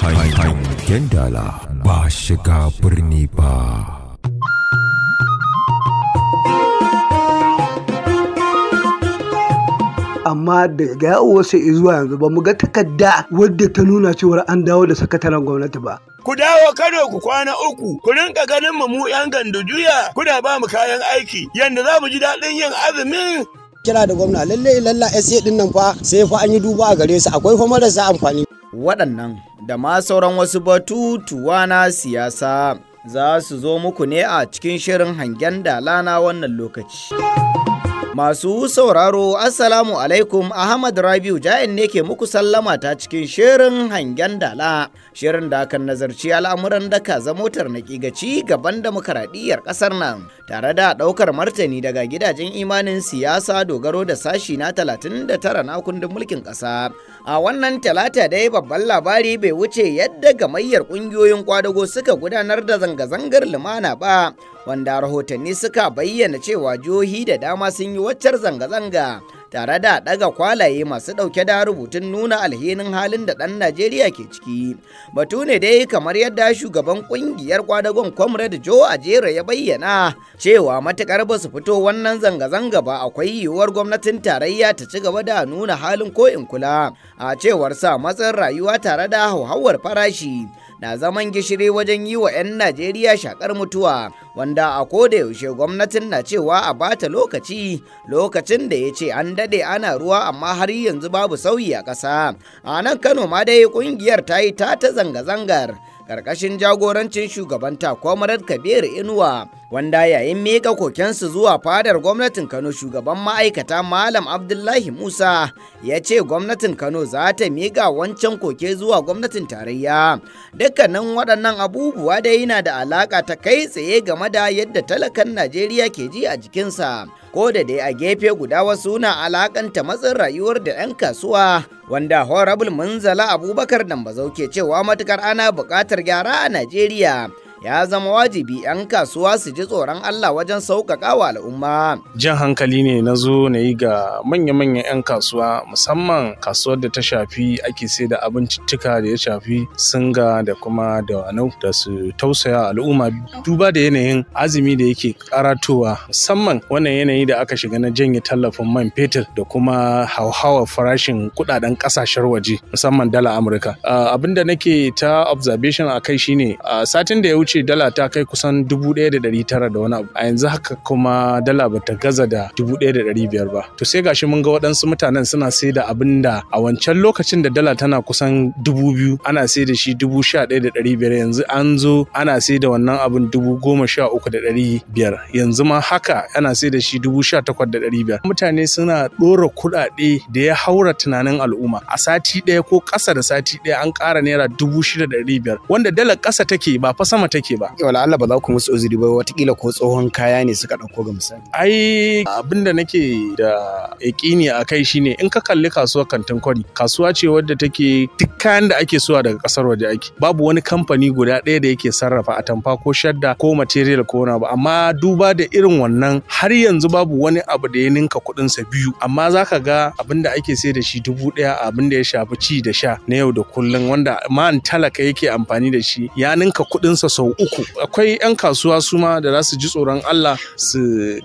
Hanyar Gendala ba shiga birni ba. amma daga yawowarsa zuwa yanzu ba mu ga takarda wadda ta nuna cewar an dawo da sakataren gwamnati ba. Ku dawo Kano ku kwana uku, ku rinka ganin mu mu 'yan gandujuya kuna ba mu kayan aiki, yadda za mu ji daɗin yin azumin kira da gwamna lalle lalla SA din nan fa sai fa an yi duba a gare su akwai fa marasa amfani. Waɗannan da ma sauran wasu batutuwa na siyasa za su zo muku ne a cikin shirin hangen dala na wannan lokaci. Masu sauraro Assalamu alaikum Ahmad Rabiu Ja'in ne ke muku sallama ta cikin shirin hangen dala. Shirin da kan nazarci al'amuran da ka zamo tarnaki ga ci gaban demokaradiyyar ƙasar nan tare da ɗaukar martani daga gidajen imanin siyasa dogaro da sashi na tara na kundin mulkin ƙasa. A wannan talata dai babban labari bai wuce yadda gamayyar ƙungiyoyin kwadago suka gudanar da zanga-zangar lumana ba wanda rahotanni suka bayyana cewa jihohi da dama sun yi waccar zanga-zanga tare da ɗaga kwalaye masu ɗauke da rubutun nuna alhinin halin da ɗan Najeriya ke ciki. Batu ne dai kamar yadda shugaban ƙungiyar kwadagon Comrade Joe Ajera ya bayyana cewa matukar ba su fito wannan zanga-zanga ba akwai yiwuwar gwamnatin tarayya ta ci gaba da nuna halin ko in kula a cewar sa matsin rayuwa tare da hauhawar farashi. na zaman gishiri wajen yi wa 'yan Najeriya shakar mutuwa wanda a ko da yaushe gwamnatin na cewa a bata lokaci lokacin da ya ce an daɗe ana ruwa amma har yanzu babu sauyi a ƙasa a nan kano ma dai ƙungiyar ta yi ta ta zanga-zangar karkashin jagorancin shugaban takwamarar kabir inuwa wanda yayin miƙa kokensu zuwa fadar gwamnatin kano shugaban ma'aikata malam abdullahi musa ya ce gwamnatin kano za ta miƙa wancan koke zuwa gwamnatin tarayya dukkanin waɗannan abubuwa da yana da alaƙa ta kai tsaye game da yadda talakan najeriya ke ji a jikinsa ko da dai a gefe guda wasu na alakanta matsin rayuwar da 'yan kasuwa wanda horrible munzala abubakar nan bazau ke cewa matukar ana buƙatar gyara a najeriya ya zama wajibi 'yan kasuwa su ji tsoron Allah wajen sauƙaƙa wa al'umma. Jan hankali ne na zo na yi ga manya-manyan 'yan kasuwa musamman kasuwar da ta shafi ake sai da abincicika da ya shafi singa da kuma da wanau da su tausaya al'umma duba da yanayin azumi da yake karatowa musamman wannan yanayi da aka shiga na janye tallafin man fetur da kuma hauhawar farashin kudaden kasashen waje musamman dala Amurka. Ah, abin da nake ta observation a kai shine a ah, satin da ya wuce ce dala ta kai kusan dubu ɗaya da ɗari tara da wani abu a yanzu haka kuma dala ba ta gaza da dubu ɗaya da ɗari biyar ba to sai gashi mun ga waɗansu mutanen suna sai da abin da a wancan lokacin da dala tana kusan dubu biyu ana sai da shi dubu sha ɗaya da ɗari biyar yanzu an zo ana sai da wannan abin dubu goma sha uku da ɗari biyar yanzu ma haka ana sai da shi dubu sha takwas da ɗari biyar mutane suna ɗora kuɗaɗe da ya haura tunanin al'umma a sati ɗaya ko ƙasa da sati ɗaya an ƙara naira dubu shida da ɗari biyar wanda dalar ƙasa take ba fa sama take take ba wala Allah ba za ku musu uzuri ba watakila ko tsohon kaya ne suka ɗauko ga misali ai abinda nake da yaƙini a kai shine in ka kalli kasuwar kantin kwari kasuwa ce wadda take duk kayan da ake suwa daga ƙasar waje ake babu wani kamfani guda ɗaya da yake sarrafa atamfa ko shadda ko material ko wani abu amma duba da irin wannan har yanzu babu wani abu da ya ninka kuɗinsa biyu amma za ka ga abin da ake sai da shi dubu ɗaya abin da ya shafi ci da sha na yau da kullum wanda man talaka yake amfani da shi ya ninka kuɗinsa sau uku akwai 'yan kasuwa su ma da za su ji tsoron Allah su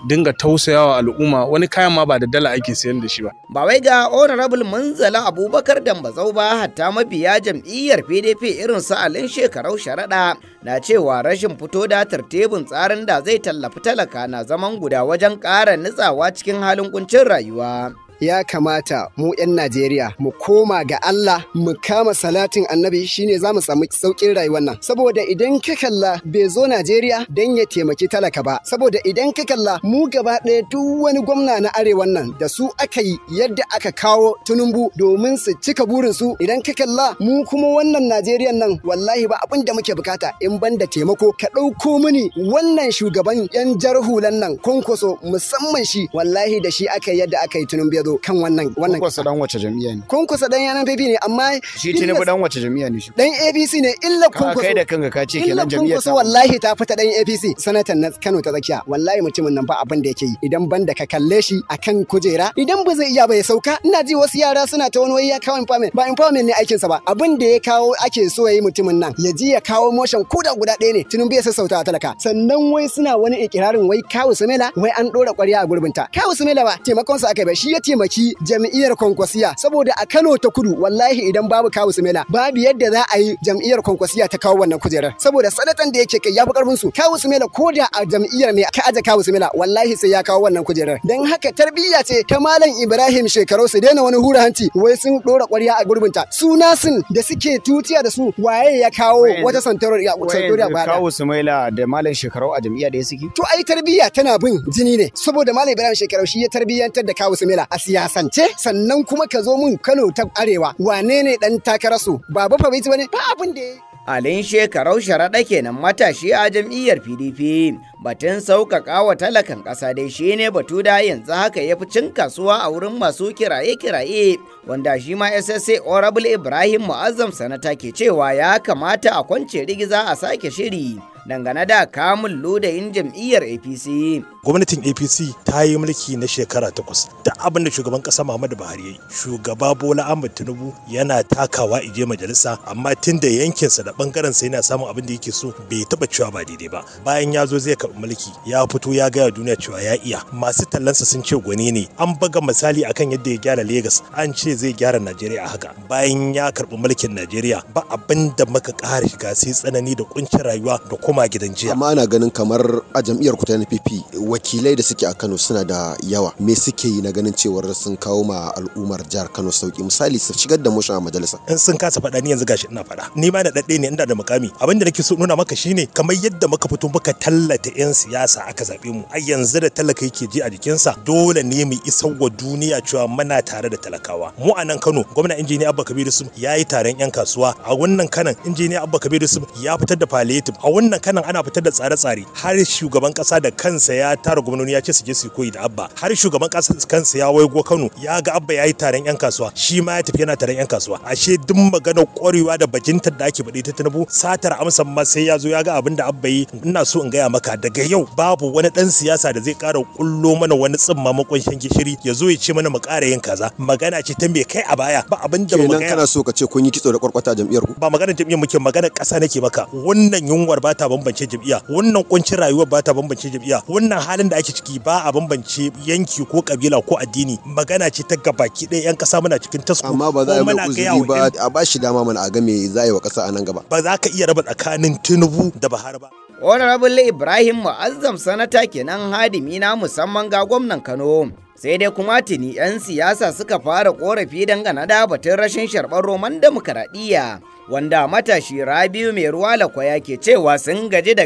dinga tausayawa al'umma wani kayan ma ba da dala ake sayar da shi ba ba wai ga honorable manzala abubakar dambazau ba hatta mabiya jam'iyyar pdp irin su alin shekarau sharaɗa na cewa rashin fito da tartibin tsarin da zai tallafi talaka na zaman guda wajen ƙara nutsawa cikin halin kuncin rayuwa ya kamata mu 'yan Najeriya mu koma ga Allah mu kama salatin annabi shine za mu samu saukin rayuwar nan saboda idan ka kalla bai zo Najeriya dan ya taimaki talaka ba saboda idan ka kalla mu gaba ɗaya duk wani gwamna na arewan nan da su aka yi yadda aka kawo tunumbu domin su cika burinsu. idan ka kalla mu kuma wannan Najeriya nan wallahi ba abin da muke bukata in ban da taimako ka ɗauko mini wannan shugaban 'yan jar hulan nan kwankwaso musamman shi wallahi da shi aka yadda aka yi tunumbu zo kan wannan wannan kwasa dan wace jami'a ne kunkusa dan yanan PP ne amma shi bu dan wace jami'a ne shi dan APC ne illa kunkusa kai da kanka ka ce kenan jami'a kunkusa wallahi ta fita dan APC sanatan na Kano ta tsakiya wallahi mutumin nan ba abin da yake yi idan banda ka kalle shi akan kujera idan ba zai iya ba ya sauka ina ji wasu yara suna ta wani waya kawo empowerment ba empowerment ne aikin sa ba abin da ya kawo ake so yayi mutumin nan ya ji ya kawo motion koda guda ɗaya ne Tinubu bai sassauta talaka sannan wai suna wani ikirarin wai kawo samela wai an dora ƙwarya a gurbinta kawo samela ba taimakon sa aka yi ba shi ya taimaki jam'iyyar Kwankwasiya saboda a Kano ta Kudu wallahi idan babu Kawu Sumela babu yadda za a yi jam'iyyar Kwankwasiya ta kawo wannan kujerar saboda sanatan da yake kai ya fi karfin su Kawu Sumela ko da a jam'iyyar ne ka aje Kawu Sumela wallahi sai ya kawo wannan kujerar dan haka tarbiyya ce ta Malam Ibrahim shekaru su daina wani hura hanci wai sun dora ƙwarya a gurbinta su sun da suke tutiya da su waye ya kawo wata santoro ya santoro ba Kawu Sumela da Malam shekaru a jam'iyya da yake to ai tarbiyya tana bin jini ne saboda Malam Ibrahim shekaru shi ya tarbiyyantar da Kawu Sumela a siyasance sannan kuma ka zo mun Kano ta Arewa wane ne dan takararsu ba ba fa bane ba abin da Alin shekarau sharaɗa kenan matashi a jam'iyyar PDP batun sauƙaƙa wa talakan ƙasa dai shi ne batu da yanzu haka ya fi cin kasuwa a wurin masu kiraye-kiraye wanda shi ma SSA Honorable Ibrahim Mu'azzam Sanata ke cewa ya kamata a kwance rigiza a sake shiri. dangane da kamun lodayin jam'iyyar apc gwamnatin apc ta yi mulki na shekara takwas da abin da shugaban kasa muhammadu buhari ya yi shugaba bola ahmad tinubu yana takawa ije majalisa amma tun da sa da bangaren sa yana samun abin da yake so bai taba cewa ba daidai ba bayan ya zo zai karɓi mulki ya fito ya gaya duniya cewa ya iya masu tallansa sun ce gwani ne an baga misali akan yadda ya gyara legas an ce zai gyara najeriya a haka bayan ya karɓi mulkin najeriya ba abin da muka ƙara shiga sai tsanani da kuncin rayuwa da kuma koma gidan jiya amma ana ganin kamar a jam'iyyar ku ta NPP wakilai da suke a Kano suna da yawa me suke yi na ganin cewar sun kawo ma al'ummar jihar Kano sauki misali su shigar da motion a majalisa in sun kasa faɗa ni yanzu gashi ina faɗa ni ma da dadde ne inda da mukami abinda nake so nuna maka shine kamar yadda muka fito muka tallata yan siyasa aka zabe mu a yanzu da talaka yake ji a jikinsa dole ne mu isar wa duniya cewa muna tare da talakawa mu a nan Kano gwamna injiniya Abba Kabiru Sum ya yi taron yan kasuwa a wannan kanan injiniya Abba Kabiru Sum ya fitar da palliative a wannan kanan ana fitar da tsare-tsare har shugaban kasa da kansa ya tara gwamnoni ya ce su je su koyi da abba har shugaban kasa kansa ya waigo kano ya ga abba ya yi taron yan kasuwa shi ma ya tafi yana taron yan kasuwa ashe duk magana kwarewa da bajintar da ake baɗi ta tunubu satar amsa ma sai ya zo ya ga abin da abba yi ina so in gaya maka daga yau babu wani dan siyasa da zai ƙara kullo mana wani tsimma makonshin gishiri ya zo ya ce mana mu ƙara yin kaza magana ce ta me kai a baya ba abin da magana kana so ka ce kun yi kitso da kwarkwata jam'iyyar ku ba magana jam'iyyar muke magana ƙasa nake maka wannan yunwar ba ta bambance jam'iyya wannan kuncin rayuwar ba ta bambance jam'iyya wannan halin da ake ciki ba a bambance yanki ko kabila ko addini magana ce ta gabaki ɗaya yan kasa muna cikin tasko amma ba za a yi ba a ba shi dama mana a ga me za a yi wa kasa a nan gaba ba za ka iya raba tsakanin Tinubu da bahar ba Honorable Ibrahim Mu'azzam sanata kenan hadimi na musamman ga gwamnan Kano sai dai kuma tuni 'yan siyasa suka fara korafi dangane da batun rashin sharɓar roman demokaradiyya wanda matashi rabiu mai ruwa lakwaya ke cewa sun gaji da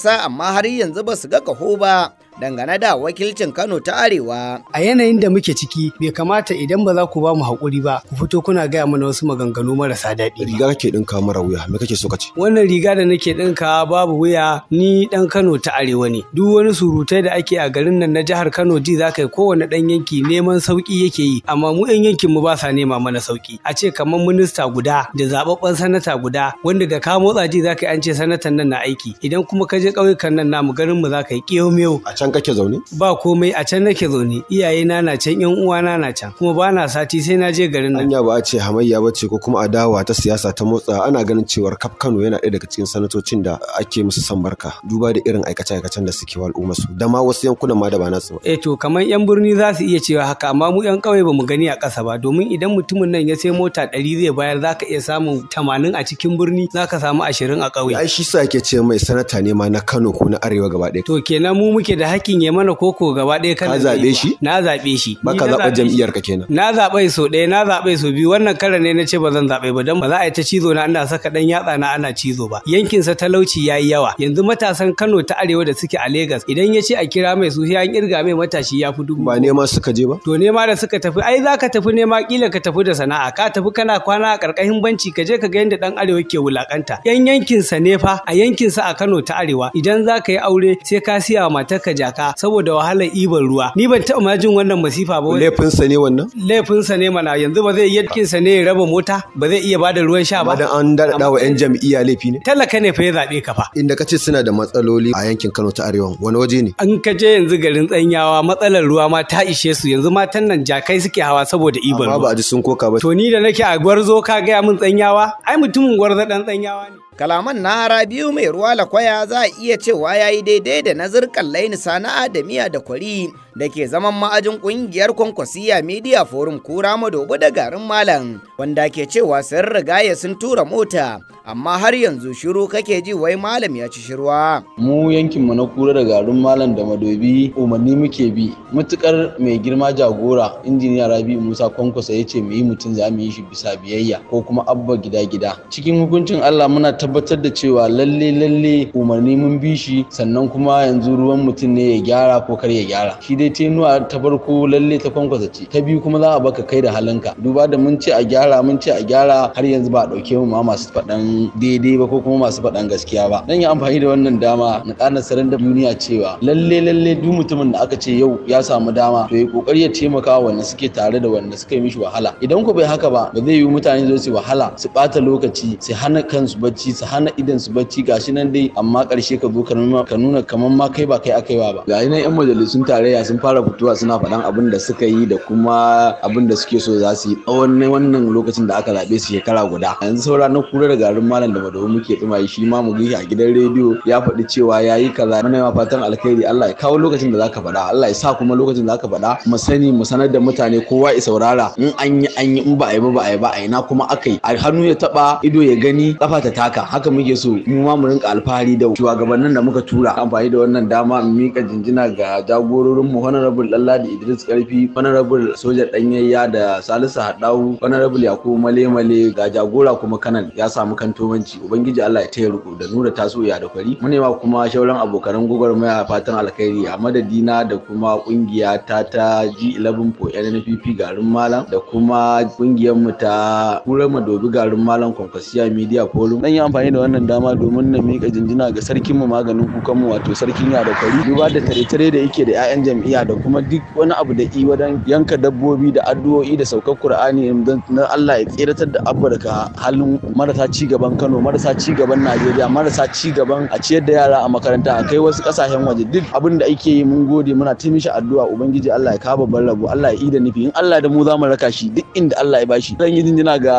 sa amma har yanzu ba su ga kaho ba dangane da wakilcin Kano ta Arewa. A yanayin da muke ciki bai kamata idan ba za ku ba mu haƙuri ba ku fito kuna gaya mana wasu maganganu marasa daɗi. Riga kake ɗinka mara wuya me kake so ka ce? Wannan riga da nake ɗinka babu wuya ni ɗan Kano ta Arewa ne. Duk wani surutai da ake a garin nan na jihar Kano ji za ka yi kowane ɗan yanki neman sauƙi yake yi amma mu 'yan yankin mu ba sa nema mana sauƙi. A ce kamar minista guda da zaɓaɓɓen sanata guda wanda da ka motsa ji za ka yi an ce sanatan nan na aiki idan kuma ka je ƙauyukan nan namu garin mu za ka yi can kake zaune? Ba komai a can nake zaune. Iyaye na na can, yan uwana na can. Kuma ba na sati sai na je garin nan. Anya ba a ce hamayya ba ce ko kuma adawa ta siyasa ta motsa ana ganin cewar kaf Kano yana ɗaya daga cikin sanatocin da ake musu san barka duba da irin aikace-aikacen da suke wa al'umma su da ma wasu yankunan ma da ba nasu ba. Eh to kamar 'yan birni za su iya cewa haka amma mu 'yan kauye bamu gani a ƙasa ba domin idan mutumin nan ya sai mota ɗari zai bayar za ka iya samun tamanin a cikin birni za ka samu ashirin a ƙauye. Ai shi sa ake ce mai sanata ne ma na Kano ko na Arewa gaba ɗaya. To kenan mu muke da hakkin ya mana koko gaba ɗaya kan ka zaɓe shi na zaɓe shi baka zaɓa jam'iyyar ka kenan na zaɓe so ɗaya na zaɓe so biyu wannan karan ne na ce ba zan zaɓe ba dan ba za a yi ta cizo na ana saka dan yatsa na ana cizo ba yankin sa talauci yayi yawa yanzu matasan Kano ta arewa da suke a Lagos idan ya ce a kira mai su an kirga mai matashi ya fi dubu ba nema suka je ba to nema da suka tafi ai za ka tafi nema kila ka tafi da sana'a ka tafi kana kwana a karkashin banci ka je ka ga yadda dan arewa ke wulakanta yan yankin sa ne a yankin sa a Kano ta arewa idan za yi aure sai ka siya wa matarka jaka saboda wahalar ibar ruwa ni ban taɓa ma jin wannan masifa ba laifinsa ne wannan laifinsa ne mana yanzu ba zai sa ne ya raba mota ba zai iya bada ruwan sha ba dan an daɗa wa 'yan jam'iyya laifi ne talaka ne fa ya zabe ka fa inda ka ce suna da matsaloli a yankin Kano ta Arewa wani waje ne an ka je yanzu garin tsanyawa matsalar ruwa ma ta ishe su yanzu matan nan jakai suke hawa saboda ibar ruwa ba a ji sun koka ba to ni da nake a gwarzo ka gaya min tsanyawa ai mutumin gwarzo dan tsanyawa ne kalaman na hara biyu mai ruwa lakwaya za a iya cewa ya yi daidai da nazirkan kallaini sana'a da miya da kwari da ke zaman ma'ajin ƙungiyar Kwankwasiya Media Forum Kura Madobo da garin Malam wanda ke cewa sun rigaya sun tura mota amma har yanzu shiru kake ji wai Malam ya ci shirwa. Mu yankin mu na Kura da garin Malam da Madobi umarni muke bi mutukar mai girma jagora injiniya Rabi Musa Kwankwasa ya ce muyi yi mutum za mu yi shi bisa biyayya ko kuma abba gida gida. Cikin hukuncin Allah muna tabbatar da cewa lalle lalle umarni mun bi shi sannan kuma yanzu ruwan mutum ne ya gyara ko kar ya gyara. Shi dai dai tenuwa ta farko lalle ta kwankwasa ce ta biyu kuma za a baka kai da halinka duba da mun ce a gyara mun ce a gyara har yanzu ba a ɗauke mu ma masu faɗan daidai ba ko kuma masu faɗan gaskiya ba dan yi amfani da wannan dama na ƙara sanar da duniya cewa lalle lalle duk mutumin da aka ce yau ya samu dama to ya kokari ya taimaka wanda suke tare da wanda suka yi mishi wahala idan ku bai haka ba ba zai yi mutane zo su wahala su ɓata lokaci su hana kansu bacci su hana idan su bacci gashi nan dai amma ƙarshe ka zo ka nuna kamar ma kai ba kai yi ba ga nan yan majalisun tarayya sun sun fara fitowa suna faɗan abin da suka yi da kuma abin da suke so za su yi tsawon wannan lokacin da aka zaɓe su shekara guda yanzu saura na da garin malam da madawu muke tsima shi ma mu a gidan rediyo ya faɗi cewa ya yi kaza mana ma fatan alkhairi Allah ya kawo lokacin da zaka faɗa Allah ya sa kuma lokacin da zaka faɗa mu sani mu sanar da mutane kowa ya saurara in an yi an yi in ba a yi ba ba a yi ba a ina kuma aka yi hannu ya taba ido ya gani kafa ta taka haka muke so mu ma mu rinka alfahari da shugabannin da muka tura amfani da wannan dama mu mika jinjina ga jagororin mu honorable Lalladi Idris Karfi, honorable Soja Danyayya da Salisu Haɗawu, honorable Yakubu Male Male ga jagora kuma kanal ya samu kantomanci. Ubangiji Allah ya taya ruku da nura tasu ya da kwari. Mu ma kuma shauran abokan gwagwarmaya fatan alkhairi a madadina da kuma kungiya ta ta G11 for NNPP garin Malam da kuma kungiyar mu ta Kura Madobi garin Malam Kwankwasiya Media Forum. Dan yi amfani da wannan dama domin na mika jinjina ga sarkinmu maganin kukanmu wato sarkin ya da kwari. Duba da tare-tare da yake da 'ya'yan jam'iyya niyya da kuma duk wani abu da i wajen yanka dabbobi da addu'o'i da saukar Qur'ani na Allah ya tseratar da abba daga halin marasa ci gaban Kano marasa ci gaban Najeriya marasa ci gaban a ciyar da yara a makaranta a kai wasu kasashen waje duk abin da ake yi mun gode muna ta mishi addu'a ubangiji Allah ya kawo babban rabo Allah ya ida nufi in Allah da mu za mu raka shi duk inda Allah ya bashi zan yi jinjina ga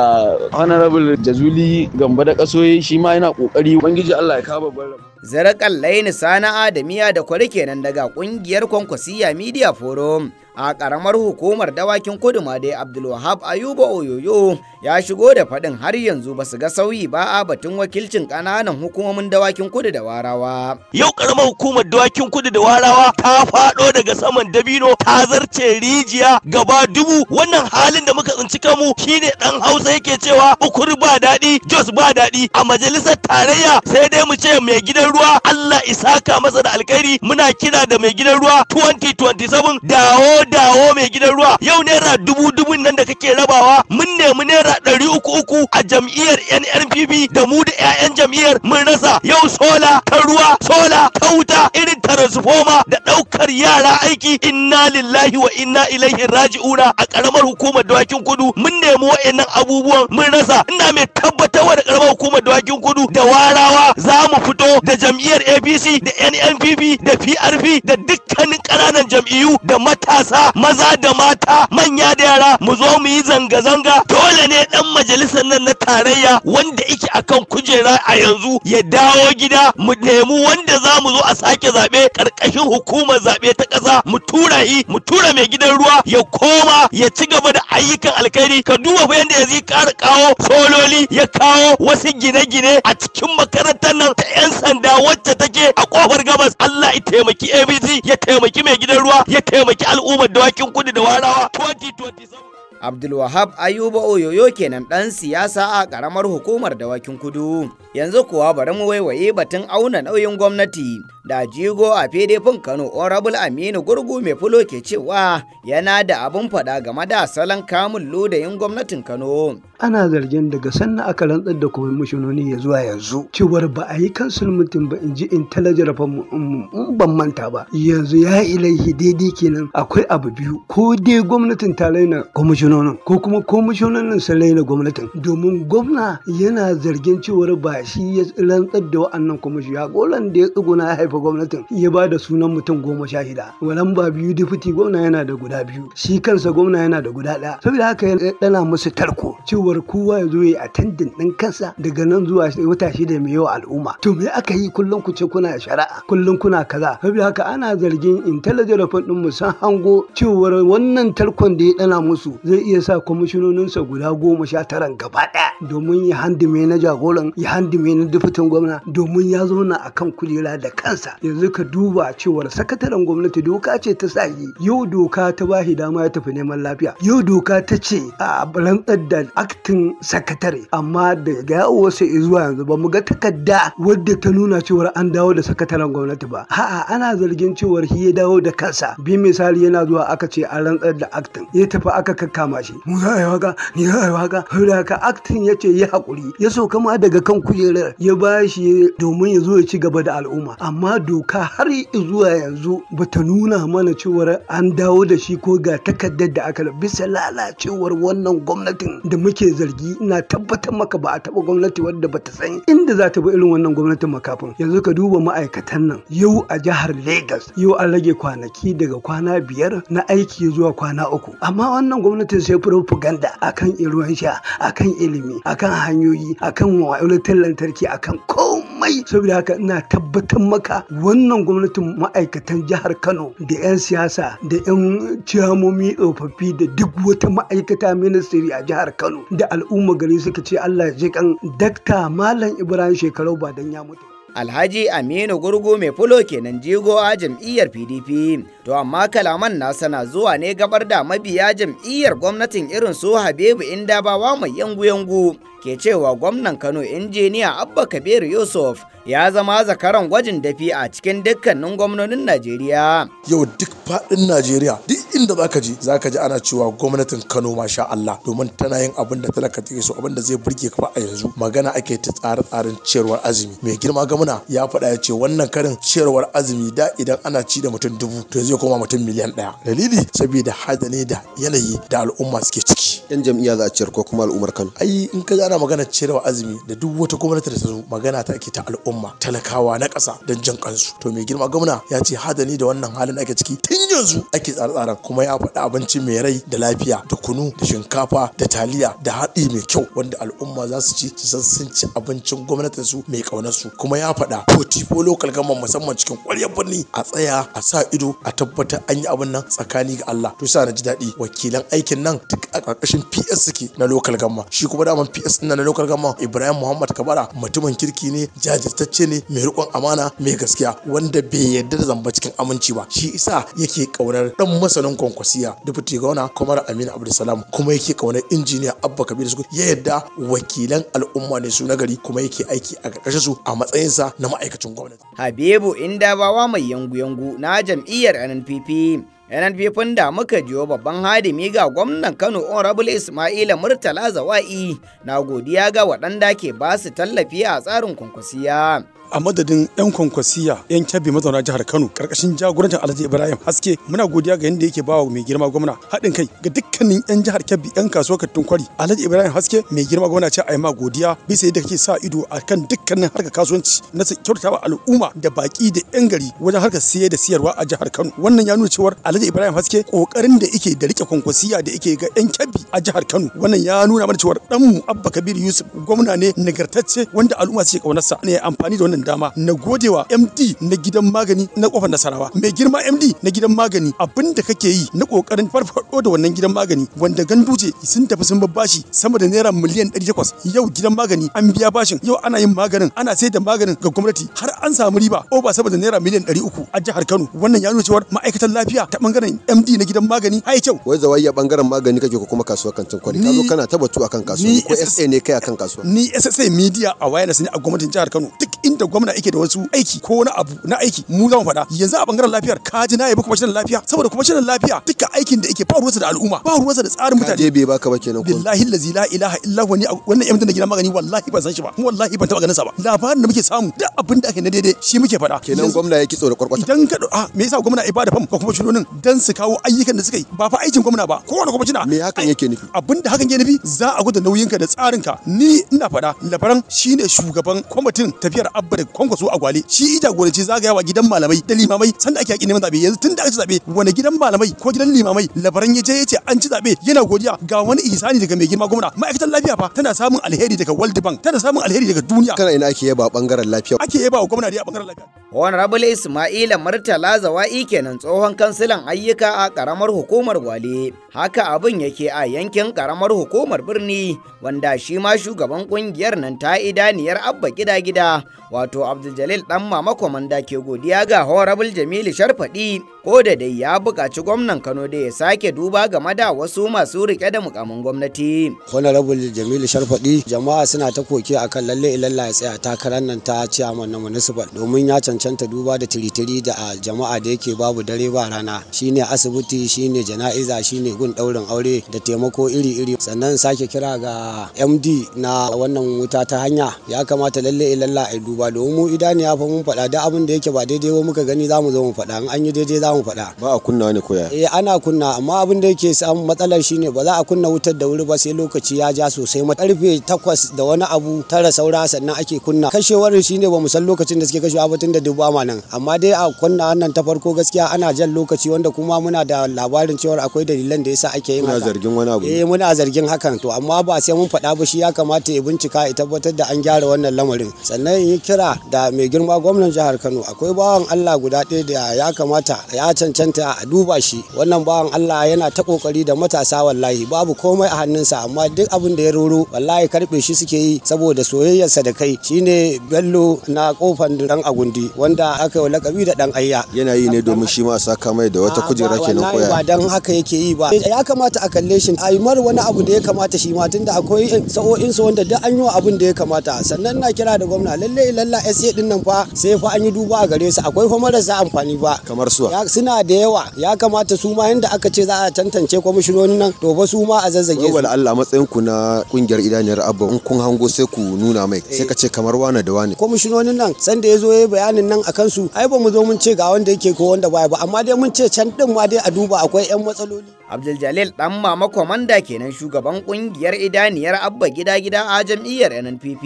honorable Jazuli Gamba da Kasoye shi ma yana kokari ubangiji Allah ya kawo babban rabo zarakan laini sana'a da miya da kwari kenan daga kungiyar kwankwasiya media forum a karamar hukumar dawakin kudu ma dai abdulwahab ayuba oyoyo ya shigo da faɗin har yanzu ba su ga sauyi ba a batun wakilcin ƙananan hukumomin dawakin kudu da warawa yau karamar hukumar dawakin kudu da warawa ta faɗo daga saman dabino ta zarce rijiya gaba dubu wannan halin da muka tsinci kanmu shine dan hausa yake cewa ukur ba daɗi jos ba daɗi a majalisar tarayya sai dai mu ce mai gidan ruwa allah isaka masa da alkhairi muna kira da mai gidan ruwa 2027 dawo dawo mai gidan ruwa yau naira dubu dubu nan da kake rabawa mun nemi naira ɗari uku uku a jam'iyyar NNPP da mu da ƴaƴan jam'iyyar mun rasa yau sola ta ruwa sola ta wuta irin transfoma da ɗaukar yara aiki inna lillahi wa inna ilaihi raji'una a karamar hukumar dawakin kudu mun nemi wa'annan abubuwan mun rasa ina mai tabbatarwa da ƙaramar hukumar dawakin kudu da warawa za mu fito da jam'iyyar APC da NNPP da PRP da dukkanin ƙananan jam'iyyu da matasa matasa maza da mata manya da yara mu zo mu yi zanga-zanga dole ne ɗan majalisar nan na tarayya wanda yake akan kujera a yanzu ya dawo gida mu nemi wanda za mu zo a sake zaɓe ƙarƙashin hukumar zaɓe ta ƙasa mu tura yi mu tura mai gidan ruwa ya koma ya ci gaba da ayyukan alkhairi ka duba fa yanda yanzu ƙara kawo sololi ya kawo wasu gine-gine a cikin makarantar nan ta 'yan sanda wacce take a kofar gabas Allah ya taimaki ABC ya taimaki mai gidan ruwa ya taimaki al'umma hukumar dawakin kudu da warawa 2027 Abdulwahab Ayuba Oyoyo kenan ɗan siyasa a ƙaramar hukumar dawakin kudu. Yanzu kuwa bari mu waiwaye batun auna nauyin gwamnati da jigo a fin Kano Orabul Aminu Gurgu mai fulo ke cewa yana da abin faɗa game da salon kamun lodayin gwamnatin Kano. Ana zargin daga sannan aka rantsar da kwamishinoni ya zuwa yanzu cewar ba a yi kansul mutum ba in ji intalajar in ban manta ba yanzu ya ilahi daidai kenan akwai abu biyu ko dai gwamnatin tarayya kwamishinoni kwamishinonin ko kuma kwamishinonin sun na gwamnatin domin gwamna yana zargin cewar ba shi ya rantsar da wa'annan ya golan da ya tsuguna ya haifa gwamnatin ya ba da sunan mutum goma sha shida walan ba biyu difiti gwamna yana da guda biyu shi kansa gwamna yana da guda ɗaya saboda haka ya ɗana musu tarko cewar kowa ya zo ya a tandin ɗin kansa daga nan zuwa wata shida mai yawa al'umma to me aka yi kullum ku ce kuna shari'a kullum kuna kaza saboda haka ana zargin intelligence ɗin mu san hango cewar wannan tarkon da ya dana musu zai zai iya sa kwamishinoninsa guda goma sha taran gaba ɗaya domin ya handime na jagoran ya handime na dufutan gwamna domin ya zauna a kan kujera da kansa yanzu ka duba cewar sakataren gwamnati doka ce ta sa yau doka ta bashi dama ya tafi neman lafiya yau doka ta ce a rantsar da aktin sakatare amma daga ya zuwa yanzu ba mu ga takarda wadda ta nuna cewar an dawo da sakataren gwamnati ba a'a ana zargin cewar shi ya dawo da kansa bi misali yana zuwa aka ce an rantsar da aktin ya tafi aka kakka kama shi mu za a yi haka ni za a yi haka haka acting ya ce yi hakuri ya so kama daga kan kujerar ya ba shi domin ya zo ya ci gaba da al'umma amma doka har zuwa yanzu ba ta nuna mana cewar an dawo da shi ko ga takardar da aka bisa lalacewar wannan gwamnatin da muke zargi na tabbatar maka ba a taba gwamnati wadda ba ta san inda za ta bi irin wannan gwamnatin makafin yanzu ka duba ma'aikatan nan yau a jihar Lagos yau an rage kwanaki daga kwana biyar na aiki zuwa kwana uku amma wannan gwamnati mutum sai propaganda akan ruwan sha akan ilimi akan hanyoyi akan wa'ilatan lantarki akan komai saboda haka ina tabbatar maka wannan gwamnatin ma'aikatan jihar kano da 'yan siyasa da 'yan ciyamomi tsofaffi da duk wata ma'aikata ministry a jihar kano da al'umma gari suka ce allah ya kan dakta malam ibrahim Shekaru ba dan ya mutu alhaji aminu gurgu mai fulo kenan jigo a jam'iyyar pdp to amma kalaman na sana zuwa ne gabar da mabiya jam'iyyar gwamnatin irin su habibu indabawa mai yangu-yangu ke cewa gwamnan kano injiniya abba kabir yusuf ya zama zakaran gwajin dafi a cikin dukkanin gwamnonin najeriya yau duk faɗin najeriya duk inda zaka ji zaka ji ana cewa gwamnatin kano masha allah domin tana yin abin da talaka take so abin da zai burge ka a yanzu magana ake ta tsare tsaren ciyarwar azumi mai girma gamuna ya faɗa ya ce wannan karin ciyarwar azumi da idan ana ci da mutum dubu to zai ya koma mutum miliyan ɗaya dalili saboda hadari da yanayi da al'umma suke ciki yan jam'iyya za a ciyar ko kuma al'ummar kano ai in ka ana magana wa azumi da duk wata gwamnati da ta zo magana ta ake ta al'umma talakawa na ƙasa don jan kansu to mai girma gwamna ya ce hadari da wannan halin ake ciki tun yanzu ake tsare kuma ya faɗi abinci mai rai da lafiya da kunu da shinkafa da taliya da haɗi mai kyau wanda al'umma za su ci su san sun ci abincin gwamnatin su mai ƙaunar su kuma ya faɗa ko local government musamman cikin ƙwaryar birni a tsaya a sa ido a tabbatar an yi abin nan tsakani ga Allah to sa na ji daɗi wakilan aikin nan duk a ƙarƙashin PS suke na local government shi kuma daman PS ɗin na local government Ibrahim Muhammad Kabara mutumin kirki ne jajirtacce ne mai riƙon amana mai gaskiya wanda bai yarda da zamba cikin aminci ba shi isa yake kaunar dan masanin kwankwasiya deputy gwamna kamar aminu abdulsalam kuma yake kaunar injiniya abba kabir su ya yadda wakilan al'umma ne su nagari kuma yake aiki a ƙarƙashin su a matsayinsa na ma'aikacin gwamnati habibu indabawa mai yangu-yangu na jam'iyyar nnpp NNPP da muka jiyo babban hadimi ga gwamnan Kano Honorable Ismaila Murtala Zawa'i na godiya ga waɗanda ke ba su tallafi a tsarin kwankwasiya. a madadin 'yan kwankwasiya 'yan kyabi mazauna jihar kano karkashin jagorancin alhaji ibrahim haske muna godiya ga yadda yake bawa mai girma gwamna haɗin kai ga dukkanin 'yan jihar kyabi 'yan kasuwa kattun kwari alhaji ibrahim haske mai girma gwamna ce a yi ma godiya bisa yadda kake sa ido a kan dukkanin harkar kasuwanci na kyautatawa al'umma da baki da 'yan gari wajen harkar siye da siyarwa a jihar kano wannan ya nuna cewar alhaji ibrahim haske kokarin da yake da rike kwankwasiya da yake ga 'yan kyabi a jihar kano wannan ya nuna mana cewar ɗanmu abba kabir yusuf gwamna ne nagartacce wanda al'umma suke ƙaunarsa ne amfani da wannan wannan dama na godewa MD na gidan magani na kofar Nasarawa mai girma MD na gidan magani abin da kake yi na kokarin farfado da wannan gidan magani wanda ganduje sun tafi sun babbashi sama da naira miliyan 800 yau gidan magani an biya bashin yau ana yin maganin ana sayar da maganin ga gwamnati har an samu riba over sama da naira miliyan 300 a jihar Kano wannan ya nuna cewa ma'aikatan lafiya ta bangaren MD na gidan magani ai kyau wai ya bangaren magani kake ko kuma kasuwar kantin kwari ka kana tabbatu akan kasuwa ko SA ne kai akan kasuwa ni SSA media awareness ne a gwamnatin jihar Kano duk inda gwamna yake da wasu aiki ko wani abu na aiki mu za mu faɗa yanzu a bangaren lafiyar ka ji na yabi shirin lafiya saboda kuma shirin lafiya duka aikin da yake ba ruwansa da al'umma ba ruwansa da tsarin mutane ka je bai baka ba kenan billahi lazi la ilaha illa huwa ni wannan yamdan da gina magani wallahi ban san shi ba kuma wallahi ban taba ganin sa ba labarin da muke samu duk abin da ake na daidai shi muke faɗa kenan gwamna yake tsoro kwarkwata idan ka a me yasa gwamna ya bada fam kuma shirin dan su kawo ayyukan da suka yi ba fa aikin gwamna ba ko wani kuma shirin me hakan yake nufi abin da hakan yake nufi za a gudu nauyinka da tsarinka ni ina faɗa labaran shine shugaban kwamitin tafiyar abba da kwankwaso a gwale shi jagoranci zagaya wa gidan malamai da limamai sanda ake yakin neman zabe yanzu tun da aka ci zabe wani gidan malamai ko gidan limamai labaran ya je ya ce an ci zaɓe. yana godiya ga wani ihsani daga mai girma gwamna ma'aikatan lafiya fa tana samun alheri daga World Bank tana samun alheri daga duniya kana ina ake yaba bangaren lafiya ake yaba wa gwamna a bangaren lafiya Honorable Ismaila Murtala Zawa'i kenan tsohon kansilan ayyuka a karamar hukumar Gwale. haka abin yake a yankin karamar hukumar birni wanda shi ma shugaban kungiyar nan ta idaniyar abba gida gida wato abdul dan mama komanda ke godiya ga horrible jamilu sharfadi ko da dai ya bukaci gwamnan kano da ya sake duba game da wasu masu rike da mukamin gwamnati honorable jamilu sharfadi jama'a suna ta koke akan lalle ilalla ya tsaya takarar nan ta ciyaman na municipal domin ya cancanta duba da tiritiri da jama'a da yake babu dare ba rana shine asibiti shine jana'iza shine gun daurin aure da taimako iri-iri sannan sake kira ga md na wannan wuta ta hanya ya kamata lalle ilalla eh, a duba domin mu idaniya fa mun faɗa da abin da yake ba daidai ba muka gani zamu zo mu faɗa in an yi daidai zamu faɗa ba a kunna ne koya eh ana kunna amma abin da yake samu matsalar shine ba za a kunna wutar da wuri ba sai lokaci ya ja sosai ma karfe 8 da wani abu tara saura sannan ake kunna kashewar shine ba mu san lokacin da suke kashewa ba tun da dubu ama nan amma dai a kunna wannan ta farko gaskiya ana jan lokaci wanda kuma muna da labarin cewa akwai dalilan da yasa ake yin haka zargin wani abu eh muna zargin hakan to amma ba sai mun faɗa ba shi ya kamata ya bincika ya tabbatar da an gyara wannan lamarin sannan yi kira da mai girma gwamnan jihar Kano akwai bawan Allah guda ɗaya da ya kamata ya cancanta a duba shi wannan bawan Allah yana ta kokari da matasa wallahi babu komai a hannunsa amma duk abin da ya roro wallahi karbe shi suke yi saboda soyayyarsa da kai shine bello na kofan dan agundi wanda aka yi lakabi da dan ayya yana yi ne domin shi ma saka mai da wata kujera kenan koya ba dan haka yake yi ba ya kamata a kalle shi a yi mar wani abu da ya kamata shi ma tunda akwai sa'o'in su wanda duk an yi wa abun da ya kamata sannan na kira da gwamna lalle lalla SA din nan fa sai fa an yi duba a gare su akwai fa marasa amfani ba kamar su suna da yawa ya kamata su ma yanda aka ce za a tantance kwamishinonin nan to ba su ma a zazzage su Allah matsayin ku na kungiyar idaniyar abba in kun hango sai ku nuna mai eh. sai ka ce kamar wane da wane kwamishinonin nan san da ya zo ya bayanin nan a kansu ai ba mu zo mun ce ga wanda yake ko wanda baya ba amma dai mun ce can din ma dai a duba akwai 'yan matsaloli abdul jalil dan mama komanda kenan shugaban kungiyar idaniyar abba gida gida a jam'iyyar nnpp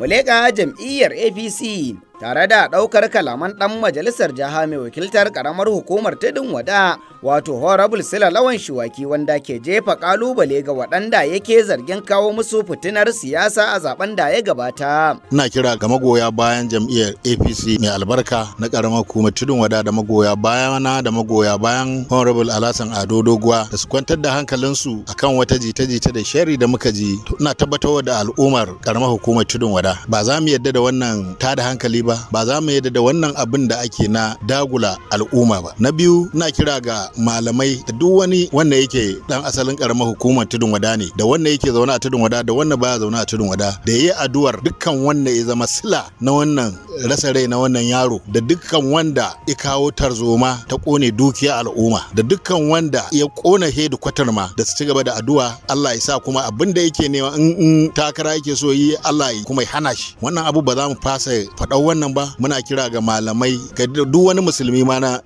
muleka jam'iyyar apc tare da ɗaukar kalaman ɗan majalisar jiha mai wakiltar ƙaramar hukumar tudun wada wato horrible sila lawan shiwaki wanda ke jefa ƙalubale ga waɗanda yake zargin kawo musu fitinar siyasa a zaben da ya gabata. Ina kira ga magoya bayan jam'iyyar APC mai albarka na ƙaramar hukumar tudun wada da magoya bayana da magoya bayan horrible alasan ado doguwa da su kwantar da hankalinsu akan wata jita-jita da shari da muka ji ina tabbatar da al'ummar ƙaramar hukumar tudun wada ba za mu yarda da wannan tada hankali ba ba ba za mu yadda da wannan abin da ake na dagula al'umma ba na biyu na kira ga malamai da duk wani wanda yake dan asalin karamar hukumar tudun wada ne da wanda yake zaune a tudun wada da wanda baya zaune a tudun wada da yayi addu'ar dukkan wanda ya zama sila na wannan rasa rai na wannan yaro da dukkan wanda ya kawo tarzoma ta kone dukiya al'umma da dukkan wanda ya kona hedu kwatar ma da su ci gaba da addu'a Allah ya sa kuma abin da yake nema in takara yake so yi Allah ya kuma hana shi wannan abu ba za mu fasa faɗa wannan wannan ba muna kira ga malamai ga duk wani musulmi ma na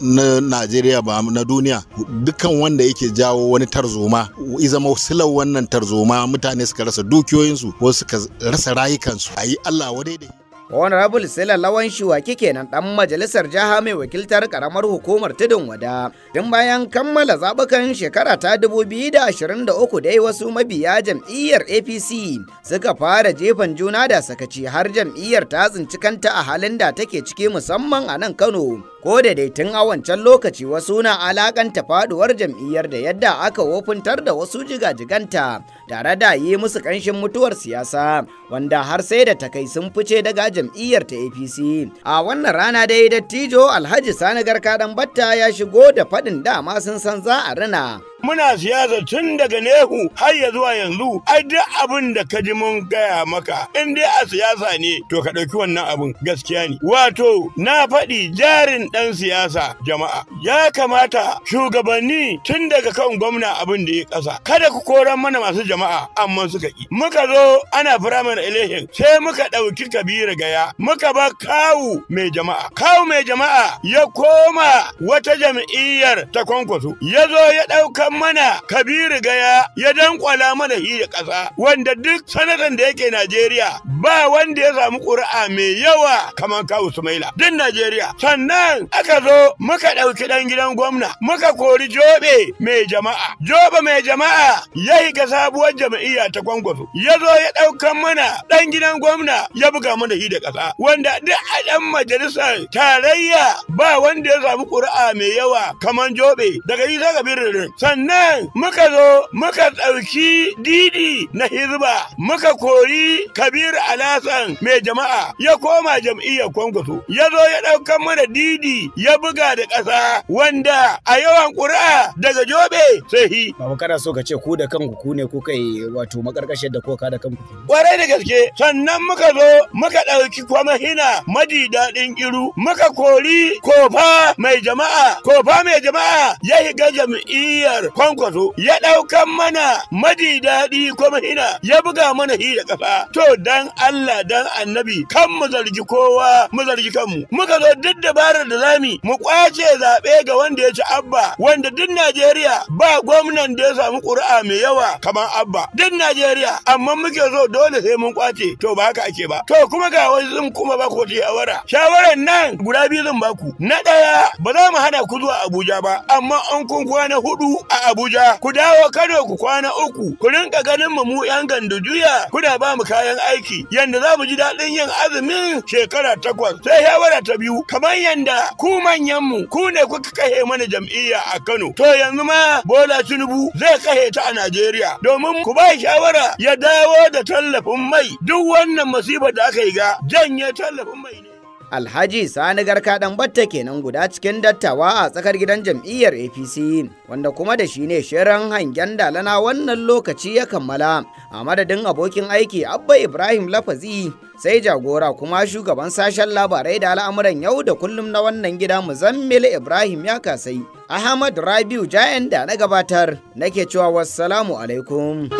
Najeriya ba na duniya dukkan wanda yake jawo wani tarzoma i zama silar wannan tarzoma mutane suka rasa dukiyoyinsu ko suka rasa rayukansu ayi Allah wadai dai honorable sela lawan shuwaki kenan dan majalisar jiha mai wakiltar karamar hukumar tudun wada tun bayan kammala zabukan shekara ta 2023 dai wasu mabiya jam'iyyar apc suka fara jefan juna da sakaci har jam'iyyar ta tsinci kanta a halin da take ciki musamman a nan kano ko da dai tun a wancan lokaci wasu na alakanta faduwar jam'iyyar da yadda aka wofintar da wasu jigajiganta tare da yi musu kanshin mutuwar siyasa wanda har sai da ta kai sun fice daga jam'iyyar ta apc a wannan rana dai dattijo alhaji sani garkadan batta ya shigo da faɗin dama sun san za a rina muna siyasa tun daga nehu har ya zuwa yanzu ai duk abin da ka ji mun gaya maka in dai a siyasa ne to ka ɗauki wannan abin gaskiya ne wato na faɗi jarin ɗan siyasa jama'a ya kamata shugabanni tun daga kan gwamna abin da ya ƙasa kada ku koran mana masu jama'a amma suka ƙi muka zo ana firamare elehin sai muka ɗauki kabiru gaya muka ba kawu mai jama'a kawu mai jama'a ya koma wata jam'iyyar ta kwankwaso ya zo ya ɗauka mana Kabiru Gaya ya dankwala mana hi da ƙasa wanda duk sanatan da yake Najeriya ba wanda ya samu ƙuri'a mai yawa kamar ka Sumaila din Najeriya sannan aka zo muka ɗauki ɗan gidan gwamna muka kori Jobe mai jama'a Jobe mai jama'a yayi ga sabuwar jama'iyya ta gwangwazo ya zo ya ɗaukan mana ɗan gidan gwamna ya buga mana hi da ƙasa wanda duk a majalisar tarayya ba wanda ya samu ƙuri'a mai yawa kamar Jobe daga Isa Kabiru sannan Nan muka zo muka ɗauki didi na hizba muka kori kabir alasan mai jama'a ya koma jam'iyyar kwankwaso ya zo ya ɗaukan mana didi ya buga da ƙasa wanda a yawan ƙuri'a daga jobe sai hi. Babu kana so ka ce ku da kanku ku ne kuka yi wato makarkashiyar da ka da kanku. Ƙwarai da gaske sannan muka zo muka ɗauki kwamahina madi daɗin iru muka kori kofa mai jama'a kofa mai jama'a ya higa jam'iyyar umar kwankwaso ya ɗaukan mana maji daɗi kuma hina ya buga mana hi da kafa to dan allah dan annabi kan mu zargi kowa mu zargi kanmu muka zo duk dabarar da zami mu kwace zaɓe ga wanda ya ci abba wanda duk najeriya ba gwamnan da ya samu ƙuri'a mai yawa kamar abba duk najeriya amma muke zo dole sai mun kwace to ba haka ake ba to kuma ga wasu kuma ba ku shawara shawarar nan guda biyu zan ku. na ɗaya ba za mu hana ku zuwa abuja ba amma an kun kwana hudu a Abuja ku dawo Kano ku kwana uku ku rinka ganin mu mu yan juya, kuna ba mu kayan aiki yanda za mu ji daɗin yin azumin shekara takwas sai shawara ta biyu kamar yanda ku manyan mu ku ne kuka kahe mana jam'iyya a Kano to yanzu ma Bola Tinubu zai kahe ta a Najeriya domin ku ba shawara ya dawo da tallafin mai duk wannan masibar da aka yi ga janye tallafin mai ne Alhaji Sani Garka dan Batta kenan guda cikin dattawa a tsakar gidan jam'iyyar APC wanda kuma da shi ne shirin hangen dalana wannan lokaci ya kammala a madadin abokin aiki Abba Ibrahim Lafazi sai jagora kuma shugaban sashen labarai da al'amuran yau da kullum na wannan gida Muzammil Ibrahim ya kasai Ahmad Rabiu Jayan da na gabatar nake cewa wassalamu alaikum.